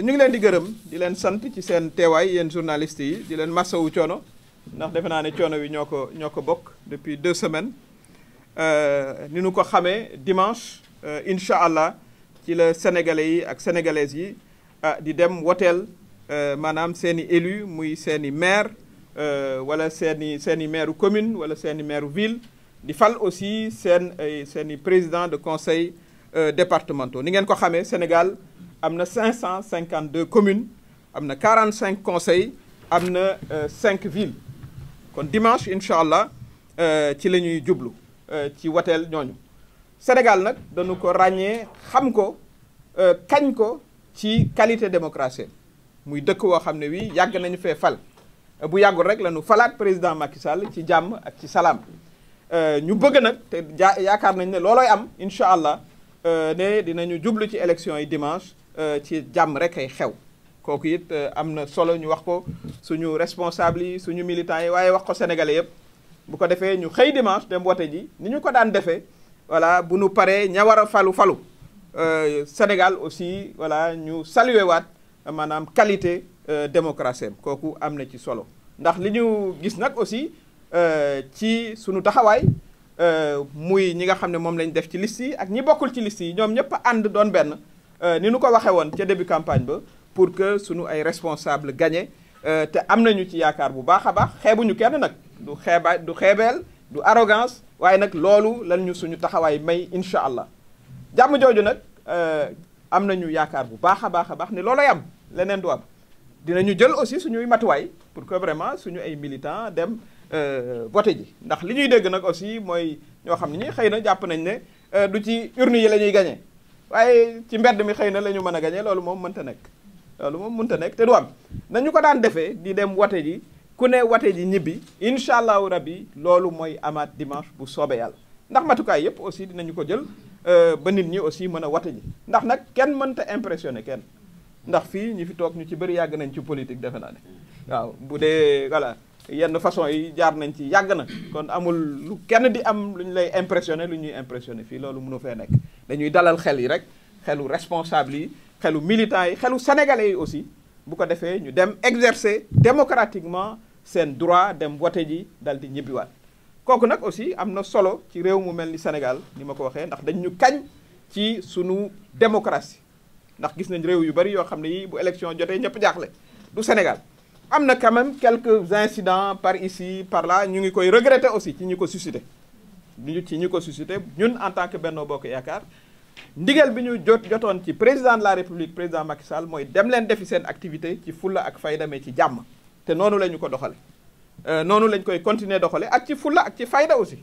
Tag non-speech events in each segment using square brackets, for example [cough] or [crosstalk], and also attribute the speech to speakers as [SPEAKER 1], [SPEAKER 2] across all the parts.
[SPEAKER 1] ñu ngi leen di gërëm di leen sant ci seen teewaay yéen journalistes yi di leen massawu coono ndax defe naa ne coono bi ñoo ko ñoo ko bokk depuis deux semaines euh, ni nu ko xamee dimanche euh, incha allah ci la sénégalais yi ak sénégalaises yi ah, di dem woteel euh, maanaam seen i élu muy seen i maire wala seeni i seen i maire commune wala seen i maire ville di fal aussi seen seen i président de conseil Euh, départementaux ni ngeen ko xamee Sénégal am na cinq cent cinquante 552 communes am na 45 conseils am na euh, cinq villes kon dimanche incha allah euh, ci la ñuy jublu ci wateel ñooñu Sénégal nag dañu ko ràññee xam ko kañ ko ci qualité démocratie muy dëkk woo xam ne wii yàgg nañu fee fal bu yàggul rek la ñu falaat président Macky Sall ci jàmm ak ci salaam ñu bëgg nag te ja yaakaar nañ ne loolooy am incha allah. Euh, ne dinañu jublu ci élection yi dimanche euh, ci jàmm rek ay xew kooku it euh, am na solo ñu wax ko suñu responsable yi suñu militants yi waaye wax ko sénégalais yëpp bu ko defee ñu xëy dimanche dem wote ji ni ñu ko daan defee voilà bu nu paree ña war a falu falu Sénégal aussi voilà ñu saluer waat maanaam qualité démocratie am kooku am na ci solo ndax li ñu gis nag aussi ci sunu taxawaay Euh, muy ñi nga xam ne moom lañ def ci liste yi ak ñi bokkul ci liste yi ñoom ñëpp ànd doon benn euh, ni nu ko waxee woon ca début campagne ba pour que sunu ay responsable gagné euh, te am nañu ci yaakaar bu baax a baax xeebuñu kenn nag du xeeba du xeebeel du arrogance waaye nag loolu lan ñu suñu taxawaay may incha allah jàmm jooju nag am nañu yaakaar bu baax a baax a baax ne loolay am leneen du am dinañu jël aussi suñuy matuwaay pour que vraiment suñu ay militants dem Euh, voté ji ndax li ñuy dégg nag aussi mooy ñoo xam ne ñi xëy na jàpp nañ ne euh, du ci urne yi la ñuy gañee waaye ci mbedd mi xëy na la ñu mën a gañee loolu moom mënta nekk loolu moom mënta nekk te du am nañu ko daan defee di dem wote ji ku ne wote ji ñibbi incha allahu rabbi loolu mooy amaat dimanche bu soobee yàlla ndax matukaay yëpp aussi dinañu ko jël euh, ba nit ñi aussi mën a wote ji ndax nag kenn mënta impressionné kenn ndax fii ñi fi toog ñu ci bëri yàgg nañ ci politique defe naa ne waaw bu dee voilà yenn façon yi jaar nañ ci yàgg na kon amul lu kenn di am lu ñu lay impressionné lu ñuy impressionné fii loolu munoo fee nekk dañuy dalal xel yi rek xelu responsable yi xelu militant yi xelu sénégalais yi aussi bu ko defee ñu dem exercer démocratiquement seen droit dem voté ji dal di ñibbiwaat kooku nag aussi am na solo ci réew mu mel ni Sénégal ni ma ko waxee ndax dañu ñu kañ ci sunu démocratie ndax gis nañ réew yu bari yoo xam ne yii bu élection jotee ñëpp jaaxle du Sénégal am na quand même quelques incidents par ici par la ñu ngi koy regretter aussi ci ñi ko suscité ñu ci ñi ko suscité ñun en tant que Benno Bokk Yaakaar ndigal bi ñu jot jotoon ci président de la république président Macky Sall mooy dem leen defi seen activité ci fulla ak fayda mais ci jàmm te noonu la ñu ko doxale euh, noonu lañ koy continuer doxale ak ci fulla ak ci fayda aussi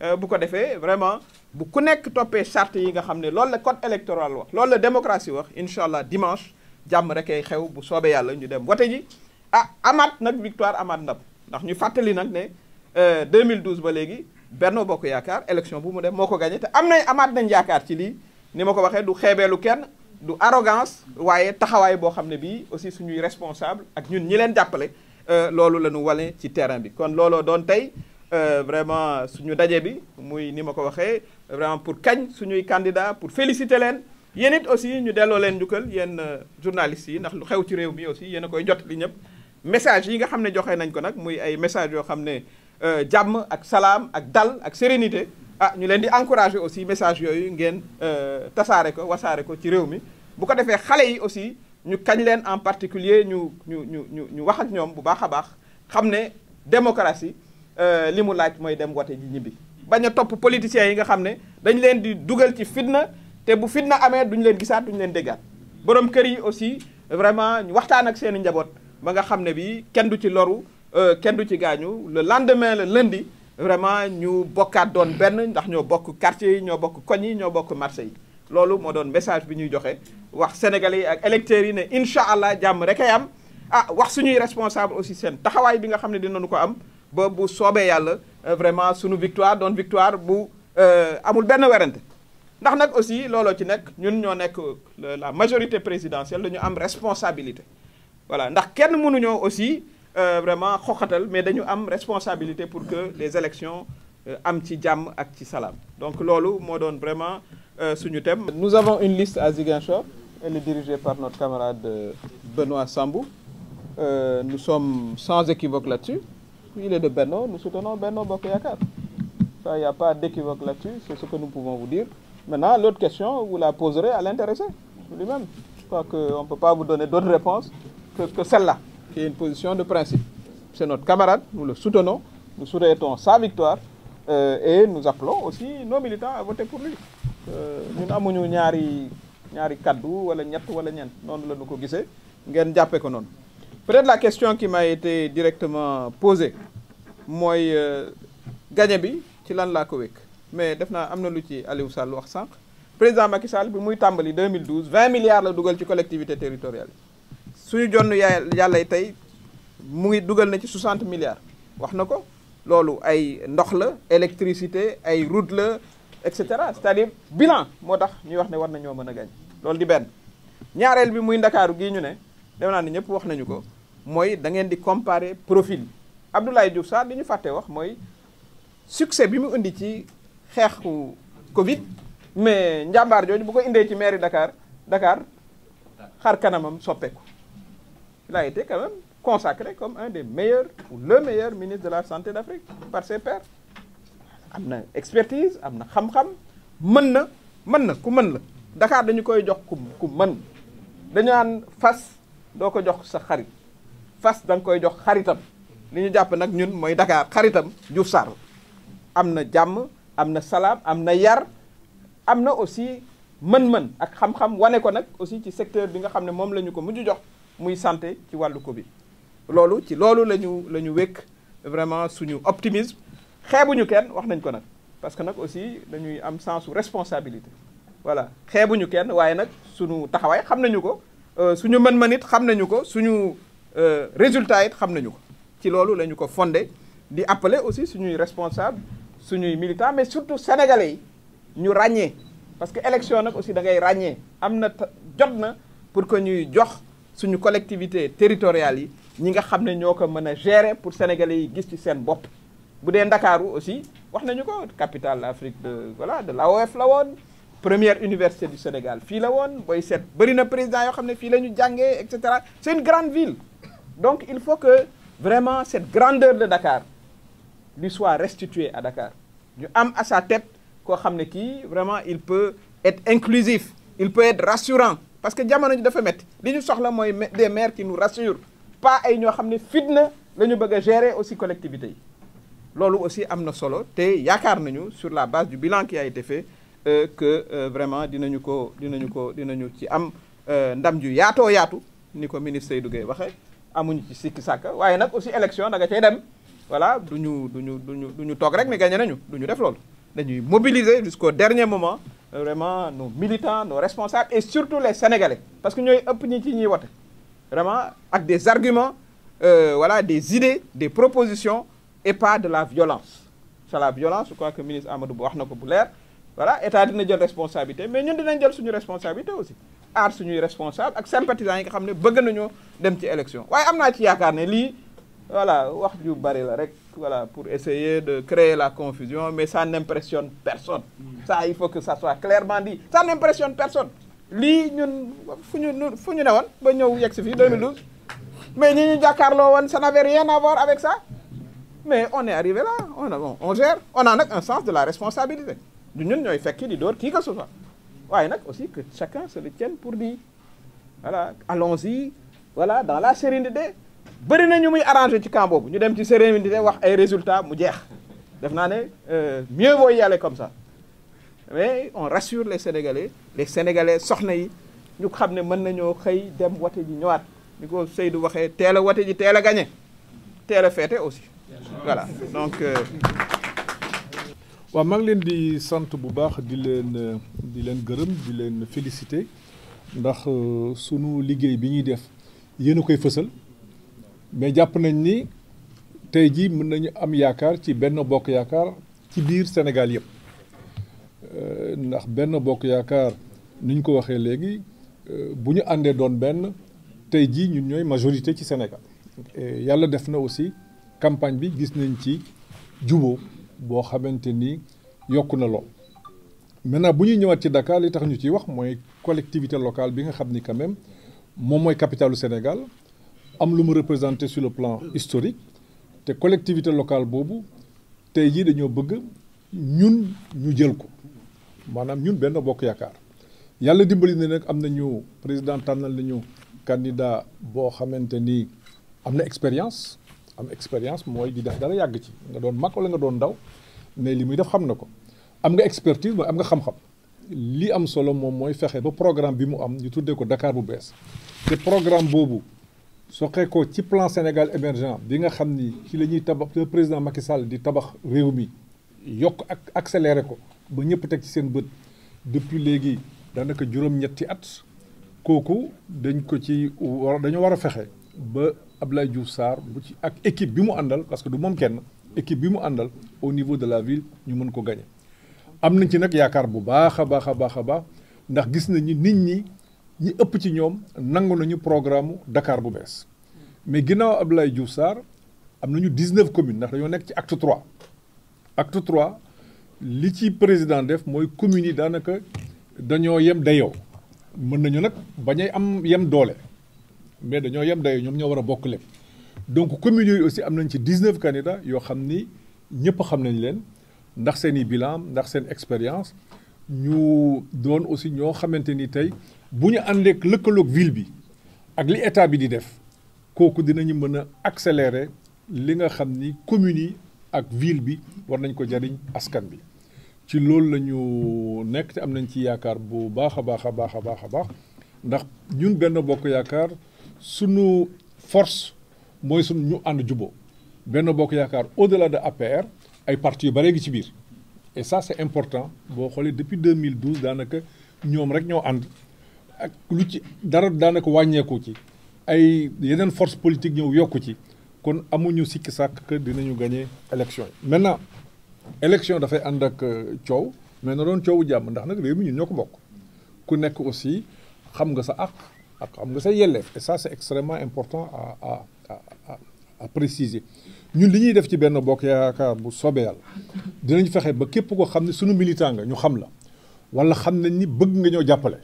[SPEAKER 1] euh, bu ko defee vraiment bu ku nekk toppee charte yi nga xam ne loolu la code électoral wax loolu la démocratie wax incha allah dimanche jàmm rek ay xew bu soobee yàlla ñu dem wote ji ah amaat nag victoire amaat ndam ndax ñu fàttali nag ne 2012 euh, ba léegi Benno Bokk Yaakaar élection bu mu dem moo ko gagné te am nañ amaat nañ yaakaar ci lii ni ma ko waxee du xeebeelu kenn du arrogance waaye taxawaay boo xam ne bii aussi suñuy responsable ak ñun ñi leen jàppale euh, loolu la ñu wane ci terrain bi kon looloo doon tey euh, vraiment suñu daje bi muy ni ma ko waxee vraiment pour kañ suñuy candidat pour féliciter leen yéen it aussi ñu delloo leen njukkal yéen journalistes yi ndax lu xew ci réew mi aussi yéen a koy jot li ñëpp message yi nga xam ne joxe nañ ko nag muy ay message yoo xam ne euh, jàmm ak salaam ak dal ak sérénité ah ñu leen di encourager aussi message yooyu ngeen euh, tasaare ko wasaare ko ci réew mi bu ko defee xale yi aussi ñu kañ leen en particulier ñu ñu ñu ñu ñu wax ak ñoom bu baax a baax xam ne démocratie euh, li mu laaj mooy dem wote ji ñibbi bañ a topp politiciens yi nga xam ne dañ leen di dugal ci fitna te bu fitna amee duñ leen gisaat duñ leen déggaat borom kër yi aussi vraiment ñu waxtaan ak seen njaboot ba nga xam ne bi kenn du ci loru euh, kenn du ci gaañu le lendemain le lundi vraiment ñu bokkaat doon benn ndax ñoo bokk quartier yi ñoo bokk koñ yi ñoo bokk marché yi loolu moo doon message bi ñuy joxe wax sénégalais yi ak électeurs yi ne incha allah jàmm rek ay am ah wax suñuy responsable aussi seen taxawaay bi nga xam ne dinañu ko am ba bu soobee yàlla euh, vraiment suñu victoire doon victoire bu euh, amul benn werante ndax nag aussi looloo ci nekk ñun ñoo nekk la majorité présidentielle dañu am responsabilité voilà ndax kenn mënuñoo aussi euh, vraiment xoxatal mais dañu am responsabilité pour que les élections euh, am ci jàmm ak ci salaam donc loolu moo doon vraiment euh, suñu thème. nous avons une liste à Ziguinchor elle est dirigée par notre camarade Benoît Sambou euh, nous sommes sans équivoque là-dessus il est de beno nous soutenons Benno Bokk Yaakaar ça y a pas d'équivoque là-dessus c'est ce que nous pouvons vous dire maintenant l'autre question vous la poserez à l'intéressé lui-même je crois que, que celle une position de principe. C'est notre camarade, nous le soutenons, nous souhaitons sa victoire euh, et nous aussi nos militants à voter pour lui. Euh, ñun amuñu ñaari ñaari kaddu wala ñett wala ñeent noonu la ko gisee ngeen jàppee ko noon peut-être la question qui m'a été directement posée mooy euh, gañe bi ci lan laa ko wékk mais def naa am na lu ci Aliou Sall wax sànq président Macky Sall bi muy tàmbali 2012 20 milliards la dugal ci collectivité territoriale yi. suñu jonn yàlla yi tey mu ngi dugal na ci 60 milliards wax na ko loolu ay ndox la électricité ay route la et cetera c'est-à-dire bilan moo tax ñuy wax ne war nañoo mën a gañ loolu di benn ñaareel bi muy ndakaaru gii ñu ne dem naa ne ñëpp wax nañu ko mooy da ngeen di comparer profil Abdoulaye Diouf Sarr li ñu fàtte wax mooy succès bi mu indi ci xeexu Covid mais njàmbaar jooju bu ko indee ci mairie ndakaar ndakaar xar kanamam soppeeku. il a été quand même comme un des meilleurs ou le meilleur ministre de la santé d'Afrique parce ses pairs am na expertise am na xam-xam mën na mën na ku mën la dakaar dañu koy jox ku ku mën dañu naan fas doo ko jox sa xarit fas da koy jox xaritam li ñu jàpp nag ñun mooy Dakar xaritam Diouf Sarr am na jàmm am na salaam am na yar am na aussi mën-mën ak xam-xam wane ko nag aussi ci secteur bi nga xam ne moom la ñu ko mujj jox muy santé ci wàllu ko bi loolu ci loolu la ñu la ñu wékk vraiment suñu optimisme xeebuñu kenn wax nañ ko nag parce que nag aussi dañuy am sens su responsabilité voilà xeebuñu kenn waaye nag suñu taxawaay xam nañu ko euh, suñu man mën it xam nañu ko suñu euh, résultat it xam nañu ko ci loolu lañu ko fondé di appeler aussi suñuy responsable suñuy militant mais surtout sénégalais yi ñu ràññee parce que élection nag aussi da ngay ràññee am na jot na pour que ñuy jox suñu collectivité territoriale yi ñi nga xam ne ñoo ko mën a gérer pour sénégalais yi gis ci seen bopp bu dee ndakaaru aussi wax nañu ko capitale Afrique de voilà de l'AOF la woon première université du Sénégal fii la woon booy seet bëri na président yoo xam ne fii la ñu jàngee et cetera c'est une grande donc il faut que vraiment cette grandeur de Dakar lui soit restituée à Dakar ñu am à sa tête koo xam ne kii vraiment il peut être inclusif il peut être rassurant parce que jamono ji dafa métti li ñu soxla mooy des maires qui nous rassurent pas ay ñoo xam ne fitna la ñu bëgg a gérer aussi collectivité yi loolu aussi am na solo te yaakaar nañu sur la base du bilan qui ay été fait euh, que euh, vraiment dinañu ko dinañu ko dina dinañu ci am euh, ndam ju yaatoo yaatu ni ko ministre Seydou Gueye waxee amuñu ci sikki sàkka waaye nag aussi élection da nga cay dem voilà du ñu du ñu du ñu du ñu toog rek ne gagné nañu du ñu def loolu dañuy mobiliser jusqu'au dernier moment vraiment no militants nos responsables et surtout les sénégalais parce que ñooy ëpp ñi ci ñuy wote vraiment ak des arguments euh, voilà des idées des propositions et pas de la violence c'est la violence je crois que ministre Amadou Ba wax na ko bu leer voilà état dina jël responsabilité mais ñun dinañ jël suñu responsabilité aussi aar suñuy responsable ak sympathisants yi nga xam ne bëgg nañoo dem ci élection waaye am naa ci yaakaar ne lii voilà wax ju bari la rek voilà pour essayer de créer la confusion mais ça n'impressionne personne mm. ça il faut que ça soit clairement dit ça n'impressionne personne lii ñun fu ñu fu ñu ne woon ba ñëw yegg si fii 2012 mm. mais ñi ñu jàkkaarloo woon ça n'avait rien à avec ça mais on est arrivé là on a bon a nag un sens de la responsabilité du ñun ñooy fekki di dóor qui que ce soit waaye nag aussi que chacun se le tienne pour dit voilà allons-y voilà dans la sérénité bari nañu muy arrangé ci camp boobu ñu dem ci sérénité wax ay résultats mu jeex def naa ne euh, mieux vaut y comme ça mais on rassure les sénégalais les sénégalais soxna yi ñu xam ne mën nañoo xëy dem wate ji ñëwaat ñu ko Seydou waxee teel a wate ji teel a gagné teel a féete aussi voilà donc. Euh,
[SPEAKER 2] waaw maa leen di sant bu baax di leen di leen gërëm di leen félicité ndax euh, sunu liggéey bi ñuy def yéen koy fësal. mais jàpp nañ ni tey jii mën nañu am yaakaar ci benn bokk yaakaar ci biir Sénégal yëpp euh, ndax benn bokk yaakaar ni ñu ko waxee léegi euh, bu ñu àndee doon benn tey jii ñu ñooy majorité ci Sénégal yàlla def na aussi campagne bi gis nañ ci jubo boo xamante ni yokk na lool maintenant bu ñuy ñëwaat ci Dakar li tax ñu ciy wax mooy collectivité local bi nga xam ni quand même moom mooy capitalu Sénégal am lu mu représenté sur le plan historique te collectivité local boobu tey jii dañoo bëgg ñun ñu jël ko maanaam ñun benn bokk yaakaar yàlla dimbali na nekk am nañu président tànnal nañu candidat boo xamante ni am na expérience am expérience mooy di def dara yàgg ci nga doon mag wala nga doon ndaw mais li muy def xam na ko am nga expertise mooy am nga xam-xam li am solo moom mooy fexe ba programme bi mu am ñu tuddee ko Dakar bu bees te programme boobu. soqee ko ci plan Sénégal émergent bi nga xam ni ci la ñuy tabax le président Macky Sall di tabax réew mi yokk ak accéléré ko ba ñëpp teg ci seen bët depuis léegi daanaka juróom-ñetti at kooku dañ ko ci war dañoo war a fexe ba Abdoulaye Diouf Sarr bu ci ak équipe bi mu àndal parce que du moom kenn équipe bi mu àndal au niveau de la ville ñu mën ko gañe am na ci nag yaakaar bu baax a baax a baax a baax ndax gis nañu nit ñi ñi ëpp ci ñoom nangu nañu programme dakaar bu bees mais ginnaaw ab Abdoulaye Diouf saar am nañu 19 communes ndax dañoo nekk ci acte 3 acte 3 li ci président def mooy communes yi daanaka dañoo yem dayoo mën nañu nag bañay am yem doole mais dañoo yem dayoo ñoom ñoo war a bokk lépp donc communes yooyu aussi am nañ ci 19 candidats yoo xam ni ñëpp xam nañ leen ndax seen i bilan ndax seen expérience ñu doon aussi ñoo xamante ni tey bu ñu àndeek lëkkaloog ville bi ak li état bi di def kooku dinañu mën a accélérer li nga xam ni communes yi ak ville bi war nañ ko jariñ askan bi ci loolu la ñu nekk te am nañ ci yaakaar bu baax a baax a baax a baax a baax ndax ñun benn bokk yaakaar sunu force mooy sunu ñu ànd juboo benn bokk yaakaar au-delà de APR ay parti yu bare gi ci biir et ça c'est important boo xoolee depuis 2012 daanaka ñoom rek ñoo ànd ak lu ci dara daanaka wàññeeku ci ay yeneen force politique ñëw yokku ci kon amuñu sikki sàkk kër dinañu gagné élection yi maintenant élection dafay ànd ak euh, coow mais na doon coowu jàmm ndax nag réew mi ñun ñoo ko bokk ku nekk aussi xam nga sa àq ak xam nga sa yelleef et ça c'est extrêmement important à à à à préciser ñun li ñuy def ci benn bokk yaakaar bu soobee yàlla dinañ fexe ba képp koo xam ne suñu militant nga ñu xam la wala xam nañ ni bëgg nga ñoo jàppale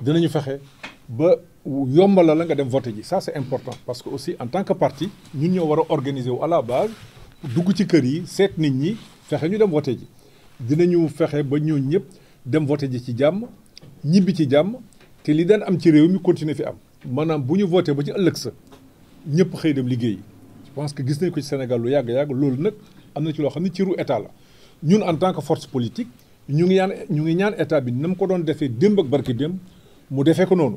[SPEAKER 2] dinañu fexe ba yombala la nga dem vote ji saa c'est important parce que aussi en tant que parti ñun ñoo war a organiser wu à la base dugg ci kër yi seet nit ñi fexe ñu dem vote ji dina dinañu fexe ba ñoo ñëpp dem vote ji ci jàmm ñibbi ci jàmm te li daan am ci réew mi continuer fi am maanaam bu ñu voté ba ci ëllëg sa ñëpp xëy dem liggéey je pense que gis nañ ko ci Sénégal lu yàgg-yàgg loolu nag am na ci loo xam ne ci ru état la ñun en tant que force politique ñu ngi ñaan ñu ngi ñaan état bi na mu ko doon defee démb ak barki démb mu defee ko noonu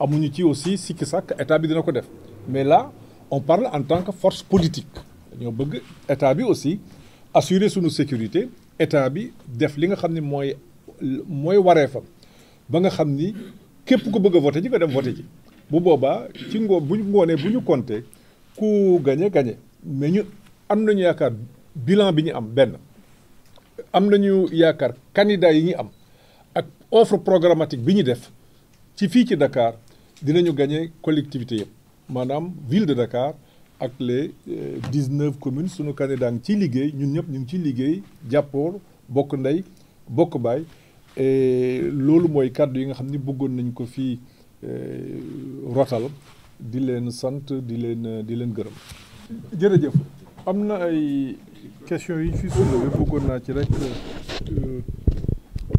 [SPEAKER 2] amuñu ci aussi sikki sàkk état bi dina ko def mais là on parle en tant que force politique ñoo bëgg état bi aussi assurer suñu sécurité état bi def li nga xam ne mooy mooy waree wareefam ba nga xam ni képp ku bëgg a voté ji nga dem voté ji bu boobaa ci ngoo bu ñu ngoonee bu ñu compté ku gañe gañe mais ñu am nañu yaakaar bilan bi ñu am benn am na ñu yaakaar candidat yi ñu am ak offre programmatique bi ñu def ci fii ci Dakar dinañu gagné collectivité yëpp maanaam ville de Dakar ak les euh, dix-neuf commune sunu candidat ngi ciy liggéey ñun ñëpp ñu ngi ciy liggéey jàppoor bokk ndey bokk baay loolu mooy kàddu yi nga xam ni bëggoon nañ ko fii euh, rotal di leen sant di leen di leen gërëm jërëjëf am na ay question yi fi soulevé bëggoon naa ci rek euh,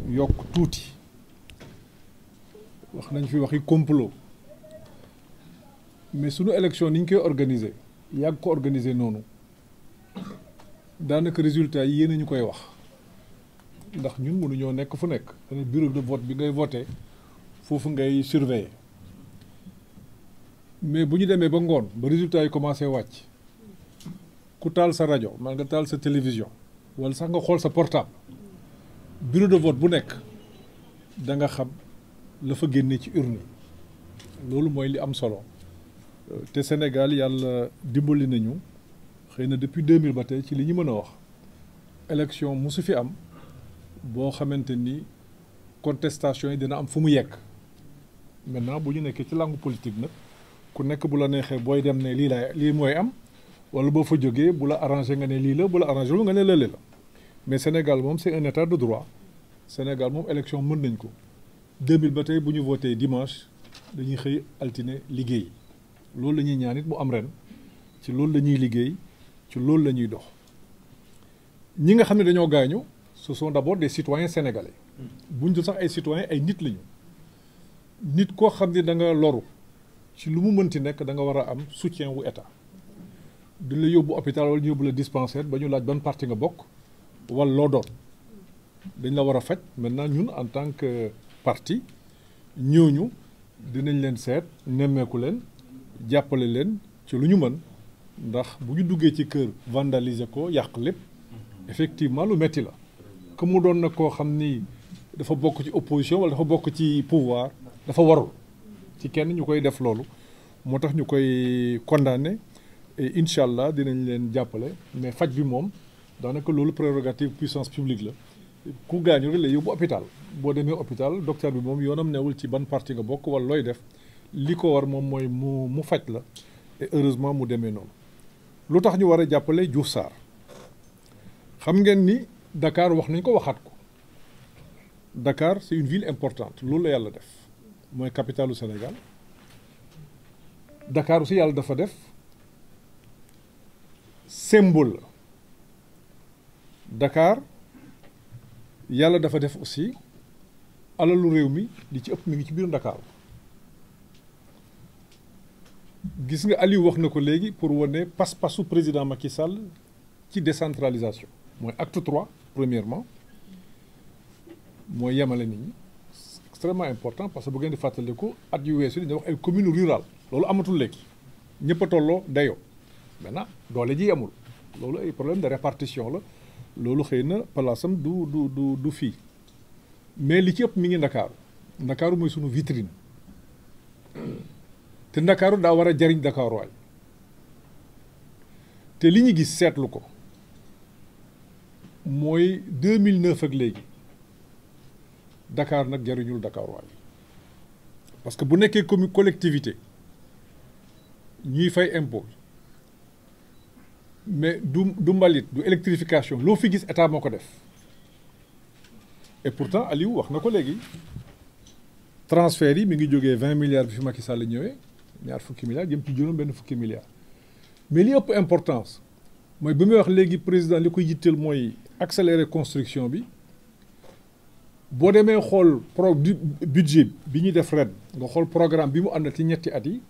[SPEAKER 2] yokk tuuti wax nañ fi wax waxi complot mais sunu élection ni koy organiser yàgg ko organiser noonu daanaka résultat yi yéen a ñu koy wax ndax ñun mënuñoo nekk fu nekk dana bureau de vote bi ngay voté foofu ngay surveiller mais bu ñu demee ba ngoon ba résultat yi commencé wàcc ku taal sa rajo man nga taal sa télévision wala sax nga xool sa portable bureau de vote bu nekk da nga xam la fa génne ci urne loolu mooy li am solo te Sénégal yàlla dimbali nañu xëy na depuis mille ba tey ci li ñu mën a wax élection mu fi am boo xamante ni contestation yi dina am fu mu yegg maintenant bu ñu nekkee ci langue politique nag ku nekk bu la neexee booy dem ne lii laay lii mooy am wala boo fa jógee bu la arrangé nga ne lii la bu la arrangé lu nga ne lële la mais Sénégal moom c'est un état de droit Sénégal moom élection mën nañ ko 2000 ba tey bu ñu voté dimanche dañuy xëy altine liggéey loolu la ñuy ñaan mu am ren ci loolu lañuy liggéey ci loolu la ñuy dox ñi nga xam ne dañoo gaañu ce sont d'abord des citoyens sénégalais buñ dul sax ay citoyens ay nit lañu nit koo xam ne da nga loru ci lu mu mënti nekk da nga war a am soutien wu état du la yóbbu hôpital wala ñu yóbbu la dispensaire ba ñu laaj ban parti nga bokk wala loo doon dañ la war a faj maintenant ñun en tant que parti ñooñu dinañ leen seet nemmeeku leen jàppale leen ci lu ñu mën ndax bu ñu duggee ci kër vandaliser ko yàq lépp effectivement lu metti la que mu doon nag koo xam ni dafa bokk ci opposition wala dafa bokk ci pouvoir dafa warul ci kenn ñu koy def loolu moo tax ñu koy condamné et incha allah dinañ leen jàppale mais faj bi moom daanaka loolu prérogative puissance publique la ku gaañu rek la yóbbu hôpital boo demee hôpital docteur bi moom yoonam newul ci ban parti nga bokk wala looy def li ko war moom mooy mu mu faj la et heureusement mu demee noonu lu tax ñu war a jàppale Diouf Sarr xam ngeen ni Dakar wax nañ ko waxaat ko Dakar c'est une ville importante loolu la yàlla def mooy capitalu Sénégal dakaaru aussi yàlla dafa def symbole Dakar yàlla dafa def aussi alalu réew mi li ci ëpp mi ngi ci biir Dakar gis nga Aliou wax na ko léegi pour wane pas-pasu président Macky Sall ci décentralisation mooy acte trois premièrement mooy yemale nit ñi c'est extrêmement important parce que bu ngeen di fàttaliku at yu weesu dañuy wax ay communes rural loolu amatul léegi ñëpp a tolloo dayoo. maintenant doole ji amul loolu ay problème de répartition la loolu xëy na palaasam du du du du fii mais li ci ëpp mi ngi ndakaaru ndakaaru mooy sunu vitrine te ndakaaru daa war a jariñ ndakaaru te li ñu gis seetlu ko mooy 2009 ak léegi Dakar nag jariñul Dakar waay que bu nekkee commune collectivité ñuy fay impôt mais du du mbalit du électrification loo fi gis état moo ko def et pourtant Aliou wax na ko léegi transfert yi mi ngi jógee vingt milliards bi fi Macky Sall ñëwee ñaar fukki milliards jëm ci juróom benn fukki milliards mais li ëpp importance mooy bi muy wax léegi président li ko yitteel mooy accélérer construction bi boo demee xool pro budget bi ñuy def ren nga xool programme bi mu ànd ci ñetti at yi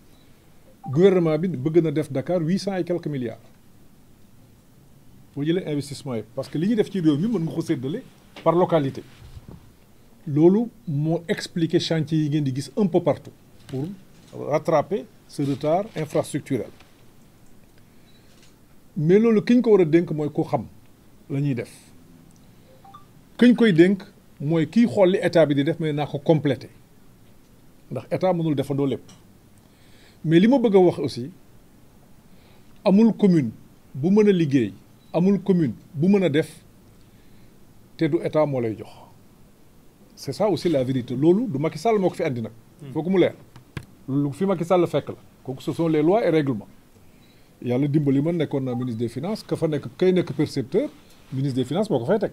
[SPEAKER 2] gouvernement bi bëgg na def Dakar huit cent et quelques milliards boo jëlee investissement yi parce que li ñuy def ci réew mi mën nga ko séddale par localité loolu moo expliquer chantier yi ngeen di gis un peu partout pour rattraper ce retard infrastructurel mais loolu ki ko war a dénk mooy ku xam la ñuy def ki koy dénk mooy kiy xool li état bi di def mais naa ko complété ndax état mënul defandoo lépp mais li ma bëgg a wax aussi amul commune bu mën a liggéey. amul commune bu mën a def te du état moo lay jox c'est ça aussi la vérité loolu du Macky Sall moo ko fi andi nag. Hmm. foogu mu leer lu fi Macky Sall fekk la kooku ce sont les lois et règlements yàlla dimbali ma nekkoon naa ministre des finances ka fa nekk kay nekk percepteur ministre des finances moo ko fay teg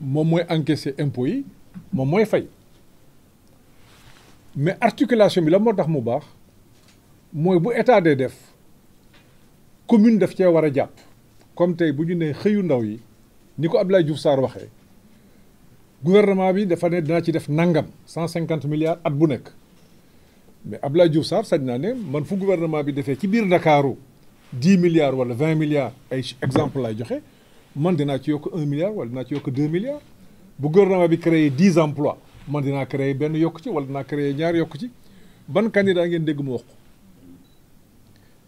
[SPEAKER 2] moom mooy encaisser impôts yi moom mooy fay mais articulation bi la moo tax mu baax mooy bu état dee def commune daf cee war a jàpp. comme tey bu ñu nee xëyu ndaw yi ni ko Abdoulaye Diouf saar waxee gouvernement bi dafa ne dinaa ci def nangam cent cinquante milliards at bu nekk mais ab Abdoulaye Diouf Sarr sañ naa ne man fu gouvernement bi defee ci biir Ndakaaru dix milliards wala vingt milliards ay exemple lay joxe man dinaa ci yokk un milliard wala dinaa ci yokk deux milliards bu gouvernement bi créé dix emplois man dinaa créé benn yokk ci wala dinaa créé ñaar yokk ci ban candidat ngeen dégg mu wax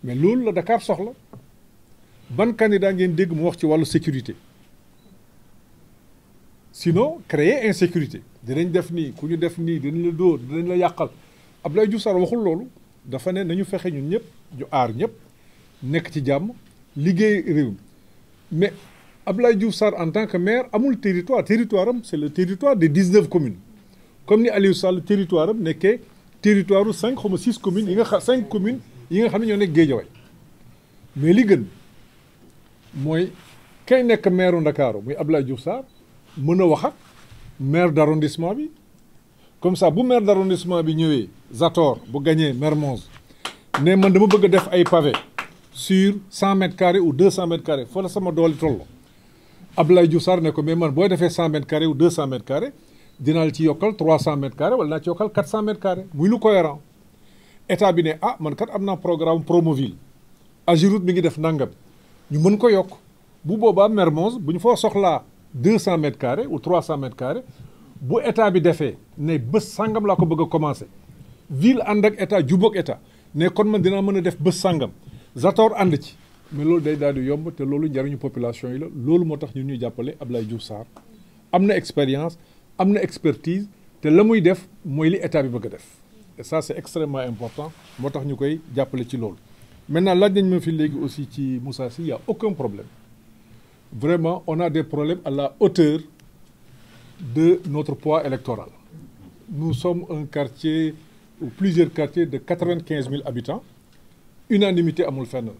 [SPEAKER 2] mais loolu la Dakar soxla ban daa ngeen dégg mu wax ci wàllu sécurité sinon créer insécurité danañ def nii ku ñu def nii dinañ la dóor dinañ la yàqal ab Abdoulaye Diouf Sarr waxul loolu dafa ne nañu fexe ñun ñëpp ñu aar ñëpp nekk ci jàmm liggéey réew mi mais Abdoulaye Diouf Sarr en tant que maire amul territoire territoire am c'est le territoire de dix-neuf commune comme ni Aliou Sall territoire am nekkee territoire u cinq xaw ma six communes yi nga xam cinq commune yi nga xam ne ñoo nekk Guédiawaye mais li mooy kay nekk maire Ndakaaru muy Abdoulaye Diouf Sarr mën a wax ak maire d' arrondissement bi comme sax bu maire d' arrondissement bi ñëwee Zator bu gañee Mermoz ne man dama bëgg def ay pavé sur cent mètres ou deux cent mètres carrés fa la sama doole toll. Abdoulaye Diouf Sarr ne ko mais man booy defee cent mètres carrés ou deux carré mètres carrés dinaa ci yokkal trois cent mètres carrés wala naa ci yokkal quatre cent mètres muy lu cohérent état bi ne ah man kat am naa programme Promoville Agirout mi ngi def nangam. ñu mën ko yokk bu boobaa Mermoz bu ñu foo soxlaa deux cent mètres carrés ou trois cent mètres carrés bu état bi defee ne bés sangam laa ko bëgg a commencé ville ànd ak état jubóog état ne kon ma dinaa mën a def bës sangam sator ànd ci mais loolu day daal di yomb te loolu njariñu population yi la loolu moo tax ñun ñuy jàppale Ablaye Diouf Sarr am na expérience am na expertise te la muy def mooy li état bi bëgg a def et ça c'est extrêmement important moo tax ñu koy jàppale ci loolu maintenant laaj dañ ma fi léegi aussi ci Moussa Sy a aucun problème vraiment on a des problème à la hauteur de notre poids électoral nous sommes un quartier ou plusieurs quartiers de quatre-vingt-quinze mille habitants unanimité amul fenn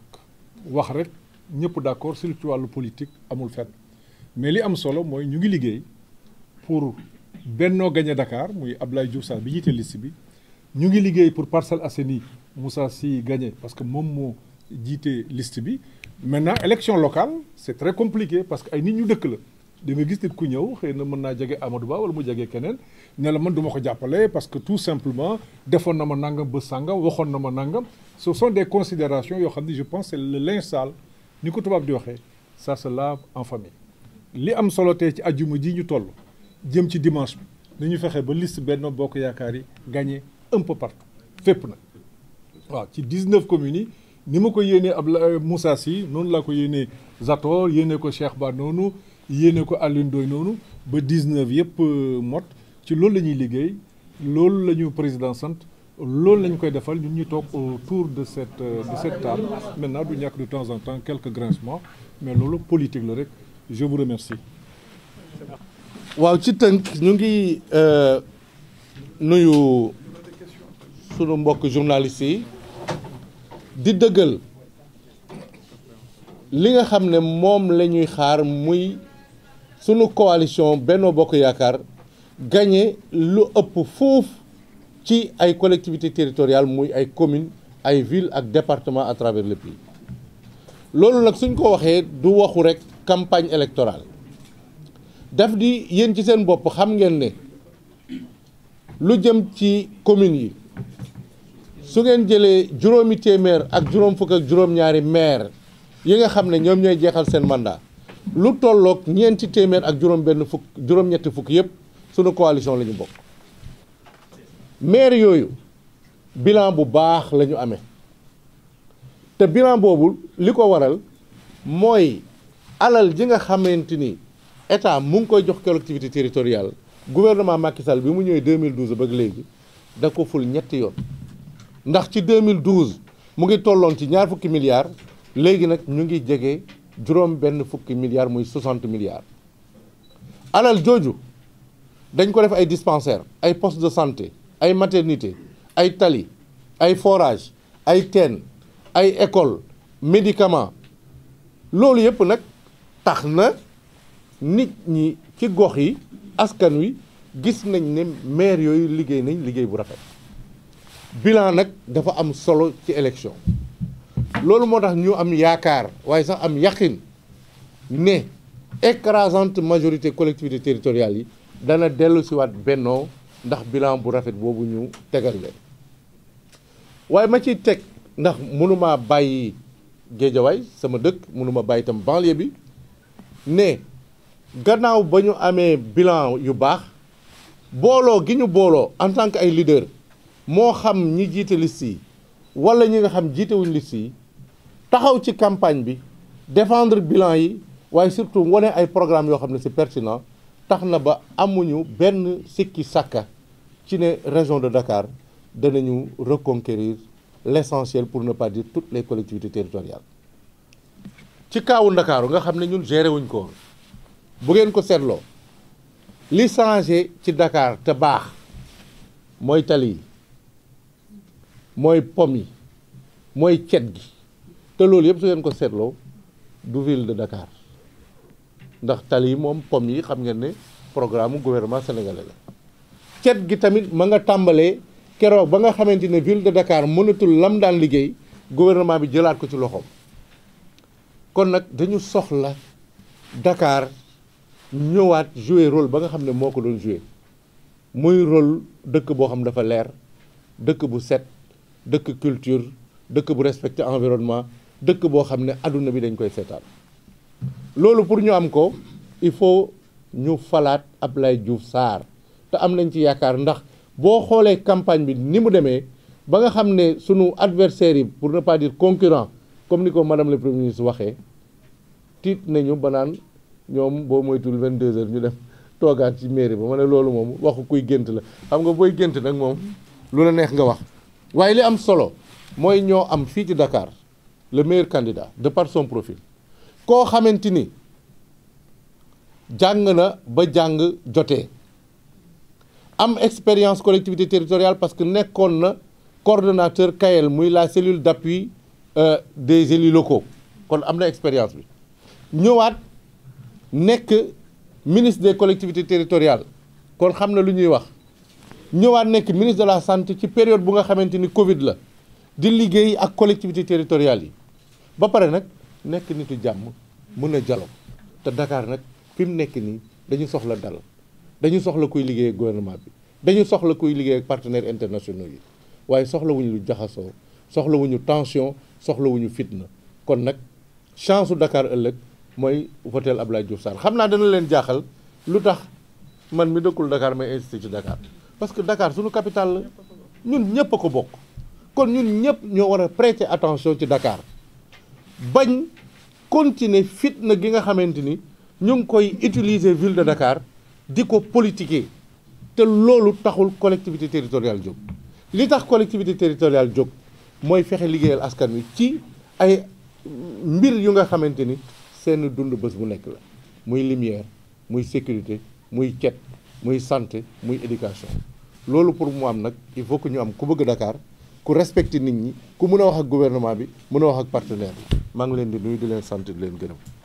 [SPEAKER 2] wax rek ñëpp d' accord sur ci wàllu politique amul fenn mais li am solo mooy ñu ngi liggéey pour Benno gagné Dakar muy Abdoulaye Diouf Sarr bi jiite liste bi ñu ngi liggéey pour Parcelles Assainies Moussa si gagné parce que moom moo jiite list bi maintenant élection locale c'est très compliqué parce que ay nit ñu dëkk la da nga gis nit ku ñëw xëy na mën naa jege Amadou Ba wala mu jege keneen ne la man duma ko jàppale parce que tout simplement defoon na ma nangam ba sàngam waxoon na ma nangam ce sont de considération yoo xam ne je pense c'est le ni ko tubaab di waxee ça se lave en famille li am solo tey ci ajjuma ji ñu toll jëm ci dimanche bi nañu fexe ba liste Benno Bokk Yaakaar yi gagné un peu partout fépp nag waaw ci 19 communes yi ni ma ko yéenee Abdoulaye euh, Moussa Sy noonu laa ko yéenee Zator yéene ko Cheikh Ba noonu yéenee ko Alioune Ndoye noonu ba 19 yëpp euh, mot ci loolu la ñuy liggéey loolu la ñu président sant loolu la koy defal ñun ñu toog autour de cette euh, de cette table maintenant du ñàkk de temps en temps quelques grincements mais loolu politique
[SPEAKER 3] la rek je vous remercie. waaw ci tënk ñu ngi nuyu. sunu mbokk journaliste yi di dëggal li nga xam ne moom la ñuy xaar muy sunu coalition Benno Bokk Yaakaar gagné lu ëpp foofu ci ay collectivités territorial muy ay communes ay villes ak départements à travers le pays loolu nag suñ ko waxee du waxu rek campagne électorale daf di yéen ci seen bopp xam ngeen ne lu jëm ci communes yi su ngeen jëlee juróomi téeméer ak juróom fukk ak juróom-ñaari maire yi nga xam ne ñoom ñooy jeexal seen mandat lu tollook ñeenti téeméer ak juróom benn fukk juróom-ñetti fukk yëpp sunu coalition lañu bokk maire yooyu bilan bu baax la ñu amee te bilan boobu li ko waral mooy alal ji nga xamante ni état mu ngi koy jox collectivité territoriale gouvernement Macky Sall bi mu ñëwee 2012 ba léegi da ko ful ñetti yoon ndax ci 2012 mu ngi tolloon ci ñaar fukki milliards léegi nag ñu ngi jege juróom benn fukki milliards muy 60 milliards alal jooju dañ ko def ay dispensaire ay poste de santé ay maternité ay tali ay forage ay teen ay école médicament loolu yëpp nag tax na nit ñi ci gox yi askan wi gis nañ ne maire yooyu liggéey nañ liggéey bu rafet bilan nag dafa am solo ci élection loolu moo tax ñu am yaakaar waaye sax am yaqin ne écrasante majorité collectivité territoriale yi dana dellu siwaat bennoo ndax bilan bu rafet boobu ñu tegal waaye ma ci teg ndax mënuma bàyyi géejawaay sama dëkk mënuma bàyyi itam banlieue bi ne gannaaw ba ñu amee bilan yu baax booloo gi ñu booloo en tant que ay leader moo xam ñi jiite liste yi wala ñi nga xam jiite wuñ liste yi taxaw ci campagne bi defendre bilan yi waaye surtout wane ay programme yoo xam ne si pertinent tax na ba amuñu benn sikki sàkka ci ne région de Dakar danañu reconquérir l'essentiel pour ne pas dire toutes les collectivités territoriales ci kaawu Ndakaaru nga xam ne ñun géré wuñ ko bu ngeen ko seetloo li changé ci Dakar te baax mooy tali mooy pom yi mooy cet gi te loolu yëpp su ngeen ko seetloo du ville de Dakar ndax tali yi moom pom yi xam ngeen ne programme gouvernement sénégalais la cet gi tamit ma nga tàmbalee keroog ba nga xamante ne ville de Dakar mënatul lam daan liggéey gouvernement bi jëlaat ko ci loxoom kon nag dañu soxla dakaar ñëwaat jouer rôle ba nga xam ne moo ko doon jouer muy rôle dëkk boo xam dafa leer dëkk bu set dëkk culture dëkk bu respecté environnement dëkk boo xam ne àdduna bi dañ koy seetaan loolu pour ñu am ko il faut ñu falaat Ablaye Diouf saar te am nañ ci yaakaar ndax boo xoolee campagne bi ni mu demee ba nga xam ne sunu adversaires yi pour ne pas dire concurrent comme ni ko madame le premier ministre waxee tiit nañu ba naan ñoom boo moytul 22 heures ñu dem [laughs] toogaat ci mairie ba ma ne loolu moom waxu kuy gént la xam nga booy gént nag moom lu la neex nga wax waaye li am solo mooy ñoo am fii ci Dakar le meilleur candidat de par son profil koo xamante ni jàng na ba jàng jotee am expérience collectivité territoriale parce que nekkoon na coordonnateur CAEL muy la cellule d'appui euh, des élus locaux kon am na expérience bi ñëwaat nekk ministre des collectivités territoriale kon xam na lu ñuy wax ñëwaat nekk ministre de la santé ci période bu nga xamante ni Covid la di liggéey ak collectivités territoriales yi ba pare nag nekk nitu jàmm mën a dialogue te Dakar nag fi mu nekk nii dañu soxla dal dañu soxla kuy liggéey ak gouvernement bi dañu soxla kuy liggéey ak partenaires yi waaye soxlawuñu lu jaxasoo soxlawuñu tension soxlawuñu fitna kon nag chance su Dakar ëllëg mooy hôtel Abdoulaye Diouf Sarr xam naa dana leen jaaxal lu tax man mi dëkkul Dakar may insisté ci Dakar. parce que Dakar suñu capital la ñun ñëpp a ko bokk kon ñun ñëpp ñoo war a prêter attention ci Dakar bañ continuer fitna gi nga xamante ni ñu ngi koy utiliser ville de Dakar di ko politiquer te loolu taxul collectivité territoriale jóg li tax collectivité territoriale jóg mooy fexe liggéeyal askan wi ci ay mbir yu nga xamante ni seen dund bés bu nekk la muy lumière muy sécurité muy cet muy santé muy éducation loolu pour mu am nag il faut que ñu am ku bëgg Dakar ku respecte nit ñi ku mun a wax ak gouvernement bi mën a wax ak partenaire bi ngi leen di nuyu di leen sant di leen gërëm.